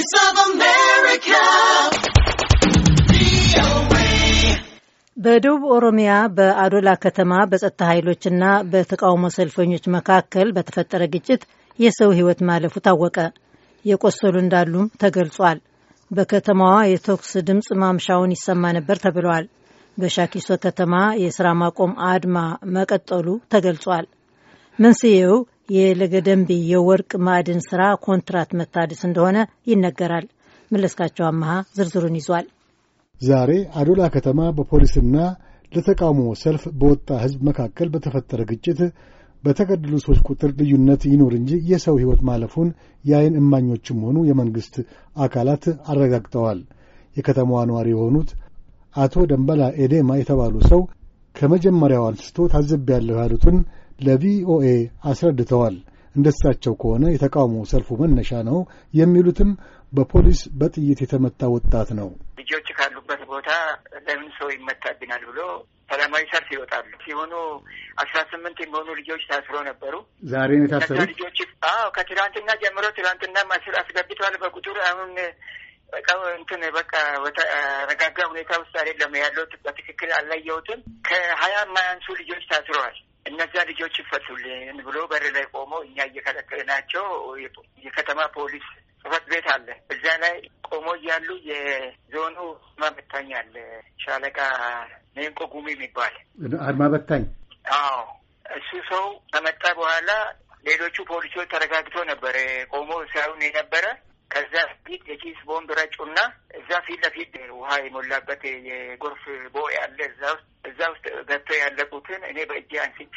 Voice of America. በደቡብ ኦሮሚያ በአዶላ ከተማ በጸጥታ ኃይሎችና በተቃውሞ ሰልፈኞች መካከል በተፈጠረ ግጭት የሰው ሕይወት ማለፉ ታወቀ። የቆሰሉ እንዳሉም ተገልጿል። በከተማዋ የተኩስ ድምፅ ማምሻውን ይሰማ ነበር ተብለዋል። በሻኪሶ ከተማ የስራ ማቆም አድማ መቀጠሉ ተገልጿል። መንስኤው የለገደንቢ የወርቅ ማዕድን ስራ ኮንትራት መታደስ እንደሆነ ይነገራል። መለስካቸው አመሃ ዝርዝሩን ይዟል። ዛሬ አዶላ ከተማ በፖሊስና ለተቃውሞ ሰልፍ በወጣ ሕዝብ መካከል በተፈጠረ ግጭት በተገደሉ ሰዎች ቁጥር ልዩነት ይኖር እንጂ የሰው ሕይወት ማለፉን የአይን እማኞችም ሆኑ የመንግሥት አካላት አረጋግጠዋል። የከተማዋ ነዋሪ የሆኑት አቶ ደንበላ ኤዴማ የተባሉ ሰው ከመጀመሪያው አንስቶ ታዝቤያለሁ ያሉትን ለቪኦኤ አስረድተዋል። እንደሳቸው ከሆነ የተቃውሞ ሰልፉ መነሻ ነው የሚሉትም በፖሊስ በጥይት የተመታ ወጣት ነው። ልጆች ካሉበት ቦታ ለምን ሰው ይመታብናል ብሎ ሰላማዊ ሰልፍ ይወጣሉ። ሲሆኑ አስራ ስምንት የሚሆኑ ልጆች ታስሮ ነበሩ። ዛሬ ነው የታሰሩ ልጆች። አዎ ከትላንትና ጀምሮ ትላንትና ማስር አስገብቷል። በቁጥር አሁን እንትን በቃ በተረጋጋ ሁኔታ ውስጥ አይደለም ያለሁት። በትክክል አላየሁትም። ከሀያ የማያንሱ ልጆች ታስረዋል። እነዛ ልጆች ይፈቱልን ብሎ በር ላይ ቆሞ እኛ እየከለከልናቸው የከተማ ፖሊስ ጽህፈት ቤት አለ። እዛ ላይ ቆሞ እያሉ የዞኑ አድማ በታኝ አለ፣ ሻለቃ ሜንቆ ጉሚ የሚባል አድማ በታኝ። አዎ እሱ ሰው ከመጣ በኋላ ሌሎቹ ፖሊሶች ተረጋግቶ ነበረ ቆሞ ሳይሆን የነበረ ከዛ ፊት የኪስ ቦምብ ረጩና እዛ ፊት ለፊት ውሃ የሞላበት የጎርፍ ቦይ አለ። እዛ ውስጥ እዛ ውስጥ ገብተው ያለቁትን እኔ በእጅ አንስቼ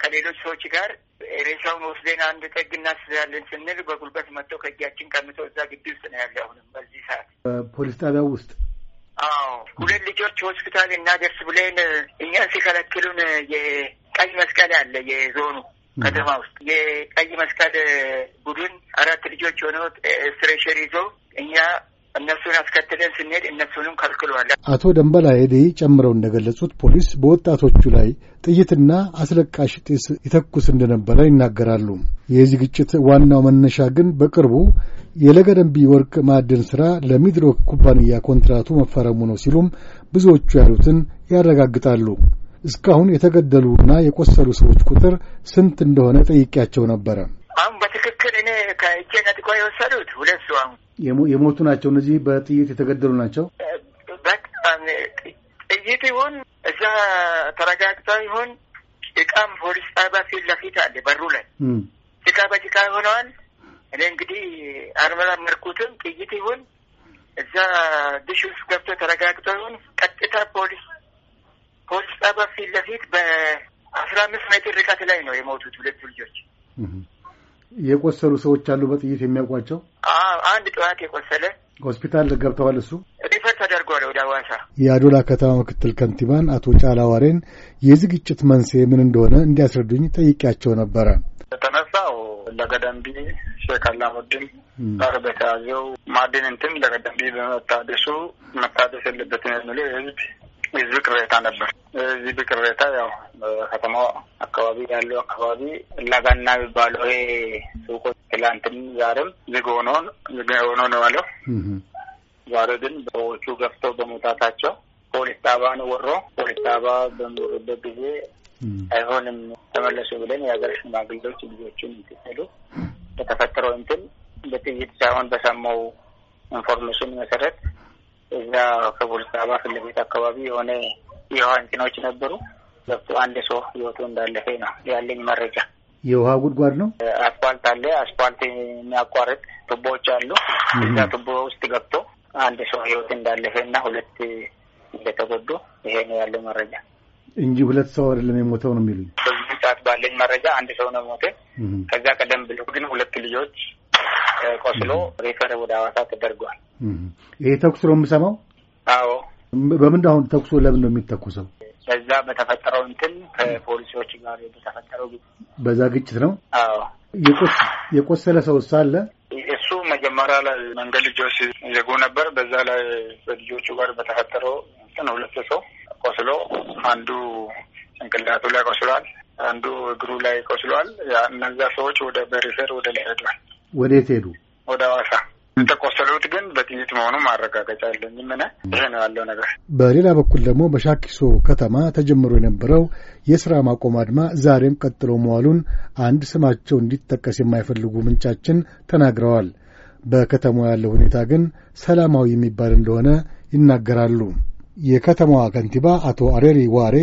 ከሌሎች ሰዎች ጋር ሬሳውን ወስደን አንድ ጠግ እናስያለን ስንል በጉልበት መጥተው ከእጃችን ቀምቶ እዛ ግቢ ውስጥ ነው ያለ። አሁንም በዚህ ሰዓት ፖሊስ ጣቢያ ውስጥ አዎ፣ ሁለት ልጆች ሆስፒታል እናደርስ ብለን እኛን ሲከለክሉን የቀይ መስቀል አለ የዞኑ ከተማ ውስጥ የቀይ መስቀል ቡድን አራት ልጆች ሆነው ስትሬሽር ይዘው እኛ እነሱን አስከትለን ስንሄድ እነሱንም ከልክሏል። አቶ ደንበላ ሄዴ ጨምረው እንደገለጹት ፖሊስ በወጣቶቹ ላይ ጥይትና አስለቃሽ ጢስ ይተኩስ እንደነበረ ይናገራሉ። የዚህ ግጭት ዋናው መነሻ ግን በቅርቡ የለገደንቢ ወርቅ ማዕድን ሥራ ለሚድሮክ ኩባንያ ኮንትራቱ መፈረሙ ነው ሲሉም ብዙዎቹ ያሉትን ያረጋግጣሉ። እስካሁን የተገደሉና የቆሰሉ ሰዎች ቁጥር ስንት እንደሆነ ጠይቄያቸው ነበረ። አሁን በትክክል እኔ ከእጄ ነጥቆ የወሰዱት ሁለት ሰው አሁን የሞቱ ናቸው? እነዚህ በጥይት የተገደሉ ናቸው። ጥይት ይሆን እዛ ተረጋግጣ ይሆን ጭቃም ፖሊስ ጣቢያ ፊት ለፊት አለ በሩ ላይ ጭቃ በጭቃ ሆነዋል። እኔ እንግዲህ አልመረመርኩትም። ጥይት ይሁን እዛ ድሽ ውስጥ ገብቶ ተረጋግቶ ይሁን ቀጥታ ፖሊስ ፖሊስ ጣቢያ ፊት ለፊት በአስራ አምስት ሜትር ርቀት ላይ ነው የሞቱት ሁለቱ ልጆች። የቆሰሉ ሰዎች አሉ በጥይት የሚያውቋቸው? አንድ ጠዋት የቆሰለ ሆስፒታል ገብተዋል። እሱ ሪፈር ተደርጓል ወደ አዋሳ። የአዶላ ከተማ ምክትል ከንቲባን አቶ ጫላ ዋሬን የዝግጭት መንስኤ ምን እንደሆነ እንዲያስረዱኝ ጠይቄያቸው ነበረ። የተነሳው ለገደንቢ ሼክ አላሙዲን ጋር በተያዘው ማዕድን እንትን ለገደምቢ በመታደሱ መታደስ የለበትን የሚለው የህዝብ ህዝብ ቅሬታ ነበር። ህዝብ ቅሬታ ያው በከተማው አካባቢ ያለው አካባቢ ላጋና የሚባለው ይሄ ሱቆች ትላንትም ዛሬም ዝግ ሆኖ ሆኖ ነው ያለው። ዛሬ ግን በዎቹ ገፍተው በመውጣታቸው ፖሊስ ጣባ ነው ወሮ ፖሊስ ጣባ በሚወሩበት ጊዜ አይሆንም ተመለሱ ብለን የሀገር ሽማግሌዎች ልጆቹን እንትሉ በተፈጠረው እንትን በጥይት ሳይሆን በሰማው ኢንፎርሜሽን መሰረት እዛ ከቦልሳ አባ ፊት ለፊት አካባቢ የሆነ የውሃ እንትኖች ነበሩ። ገብቶ አንድ ሰው ህይወቱ እንዳለፈ ነው ያለኝ መረጃ። የውሃ ጉድጓድ ነው። አስፋልት አለ። አስፋልት የሚያቋርጥ ቱቦዎች አሉ። እዛ ቱቦ ውስጥ ገብቶ አንድ ሰው ህይወት እንዳለፈ እና ሁለት እንደተጎዱ ይሄ ነው ያለው መረጃ እንጂ ሁለት ሰው አይደለም የሞተው ነው የሚሉኝ። በዚህ ሰዓት ባለኝ መረጃ አንድ ሰው ነው ሞተ። ከዛ ቀደም ብሎ ግን ሁለት ልጆች ቆስሎ ሪፈር ወደ ሐዋሳ ተደርገዋል። ይሄ ተኩስ ነው የምሰማው? አዎ። በምን አሁን ተኩሶ ለምን ነው የሚተኩሰው? በዛ በተፈጠረው እንትን ከፖሊሲዎች ጋር በተፈጠረው በዛ ግጭት ነው። አዎ። የቆሰለ ሰው ሳለ እሱ መጀመሪያ ላይ መንገድ ልጆች ይዘጉ ነበር። በዛ ላይ በልጆቹ ጋር በተፈጠረው እንትን ሁለት ሰው ቆስሎ አንዱ ጭንቅላቱ ላይ ቆስሏል፣ አንዱ እግሩ ላይ ቆስሏል። እነዛ ሰዎች ወደ በሪፌር ወደ ላይ ሄዷል። ወዴት ሄዱ? ወደ ሐዋሳ የተቆሰሉት ግን በጥይት መሆኑ ማረጋገጫ የለኝም። ይሄ ነው ያለው ነገር። በሌላ በኩል ደግሞ በሻኪሶ ከተማ ተጀምሮ የነበረው የስራ ማቆም አድማ ዛሬም ቀጥሎ መዋሉን አንድ ስማቸው እንዲጠቀስ የማይፈልጉ ምንጫችን ተናግረዋል። በከተማዋ ያለው ሁኔታ ግን ሰላማዊ የሚባል እንደሆነ ይናገራሉ። የከተማዋ ከንቲባ አቶ አሬሪ ዋሬ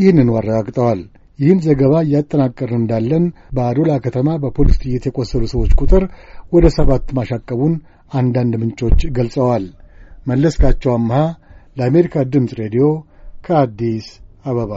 ይህንን አረጋግጠዋል። ይህን ዘገባ እያጠናቀርን እንዳለን በአዶላ ከተማ በፖሊስ ጥይት የቆሰሉ ሰዎች ቁጥር ወደ ሰባት ማሻቀቡን አንዳንድ ምንጮች ገልጸዋል። መለስካቸው አምሃ ለአሜሪካ ድምፅ ሬዲዮ ከአዲስ አበባ